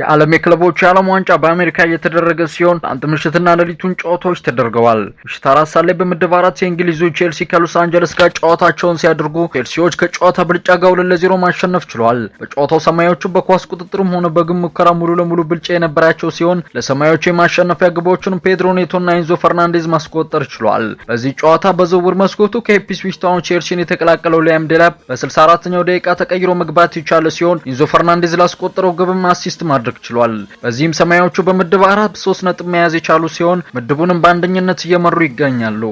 የዓለም የክለቦች የዓለም ዋንጫ በአሜሪካ እየተደረገ ሲሆን አንድ ምሽትና ሌሊቱን ጨዋታዎች ተደርገዋል። ምሽት አራት ሰዓት ላይ በምድብ አራት የእንግሊዙ ቼልሲ ከሎስ አንጀለስ ጋር ጨዋታቸውን ሲያደርጉ ቼልሲዎች ከጨዋታ ብልጫ ጋር ሁለት ለዜሮ ማሸነፍ ችሏል። በጨዋታው ሰማያዎቹ በኳስ ቁጥጥርም ሆነ በግብ ሙከራ ሙሉ ለሙሉ ብልጫ የነበራቸው ሲሆን ለሰማያዎቹ የማሸነፊያ ግቦችን ፔድሮ ኔቶና ኢንዞ ፈርናንዴዝ ማስቆጠር ችሏል። በዚህ ጨዋታ በዝውውር መስኮቱ ከኢፕስዊች ታውን ቼልሲን የተቀላቀለው ሊያም ዴላፕ በ64ኛው ደቂቃ ተቀይሮ መግባት የቻለ ሲሆን ኢንዞ ፈርናንዴዝ ላስቆጠረው ግብም አሲስት ማድረግ ማድረግ ችሏል። በዚህም ሰማያዎቹ በምድብ አራት ሶስት ነጥብ መያዝ የቻሉ ሲሆን ምድቡንም በአንደኝነት እየመሩ ይገኛሉ።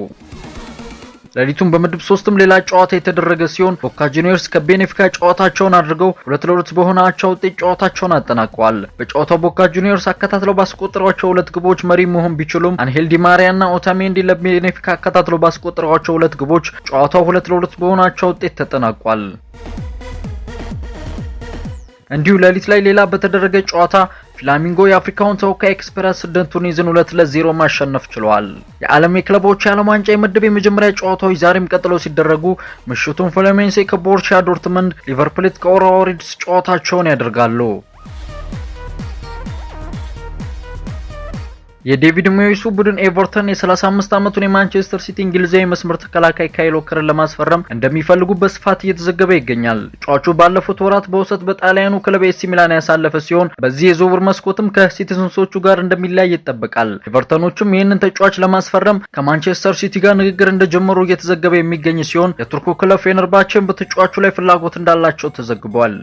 ሌሊቱን በምድብ ሶስትም ሌላ ጨዋታ የተደረገ ሲሆን ቦካ ጁኒየርስ ከቤኔፊካ ጨዋታቸውን አድርገው ሁለት ለሁለት በሆነ አቻ ውጤት ጨዋታቸውን አጠናቀዋል። በጨዋታው ቦካ ጁኒየርስ አከታትለው ባስቆጠሯቸው ሁለት ግቦች መሪ መሆን ቢችሉም አንሄል ዲማሪያና ኦታሜንዲ ለቤኔፊካ አከታትለው ባስቆጠሯቸው ሁለት ግቦች ጨዋታው ሁለት ለሁለት በሆነ አቻ ውጤት ተጠናቋል። እንዲሁ ሌሊት ላይ ሌላ በተደረገ ጨዋታ ፍላሚንጎ የአፍሪካውን ተወካይ ኤክስፕረስ ስደን ቱኒዝን ሁለት ለዜሮ ማሸነፍ ችሏል። የዓለም የክለቦች የዓለም ዋንጫ የምድብ የመጀመሪያ ጨዋታዎች ዛሬም ቀጥለው ሲደረጉ ምሽቱን ፍሉሚኔንሴ ከቦሩሲያ ዶርትመንድ፣ ሊቨርፑል ከኦሪዮላሪድስ ጨዋታቸውን ያደርጋሉ። የዴቪድ ሞይሱ ቡድን ኤቨርተን የ35 ዓመቱን የማንቸስተር ሲቲ እንግሊዛዊ መስመር ተከላካይ ካይል ወከርን ለማስፈረም እንደሚፈልጉ በስፋት እየተዘገበ ይገኛል። ጫቹ ባለፉት ወራት በውሰት በጣሊያኑ ክለብ ኤሲ ሚላን ያሳለፈ ሲሆን በዚህ የዝውውር መስኮትም ከሲቲዝንሶቹ ጋር እንደሚለያይ ይጠበቃል። ኤቨርተኖቹም ይህንን ተጫዋች ለማስፈረም ከማንቸስተር ሲቲ ጋር ንግግር እንደጀመሩ እየተዘገበ የሚገኝ ሲሆን የቱርኩ ክለብ ፌነርባቸን በተጫዋቹ ላይ ፍላጎት እንዳላቸው ተዘግቧል።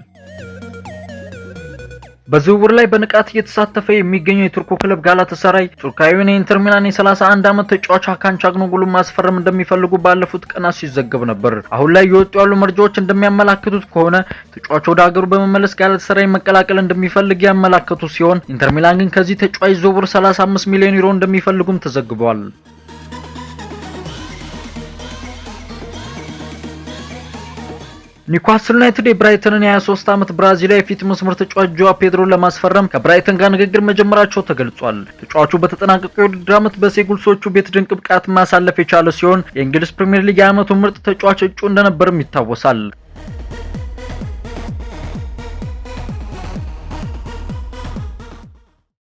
በዝውውር ላይ በንቃት እየተሳተፈ የሚገኘው የቱርኩ ክለብ ጋላተሳራይ ቱርካዊውን የኢንተር ሚላን የ31 ዓመት ተጫዋች ሀካን ቻግኖጉሉን ማስፈረም እንደሚፈልጉ ባለፉት ቀናት ሲዘገብ ነበር። አሁን ላይ የወጡ ያሉ መረጃዎች እንደሚያመላክቱት ከሆነ ተጫዋቹ ወደ ሀገሩ በመመለስ ጋላተሳራይ መቀላቀል እንደሚፈልግ ያመላከቱ ሲሆን ኢንተር ሚላን ግን ከዚህ ተጫዋች ዝውውር 35 ሚሊዮን ዩሮ እንደሚፈልጉም ተዘግቧል። ኒኳስል ዩናይትድ የብራይተንን የ23 ዓመት ብራዚላዊ የፊት መስመር ተጫዋች ጆዋ ፔድሮን ለማስፈረም ከብራይተን ጋር ንግግር መጀመራቸው ተገልጿል። ተጫዋቹ በተጠናቀቀው የውድድር ዓመት በሴጉልሶቹ ቤት ድንቅ ብቃት ማሳለፍ የቻለ ሲሆን የእንግሊዝ ፕሪምየር ሊግ የዓመቱ ምርጥ ተጫዋች እጩ እንደነበርም ይታወሳል።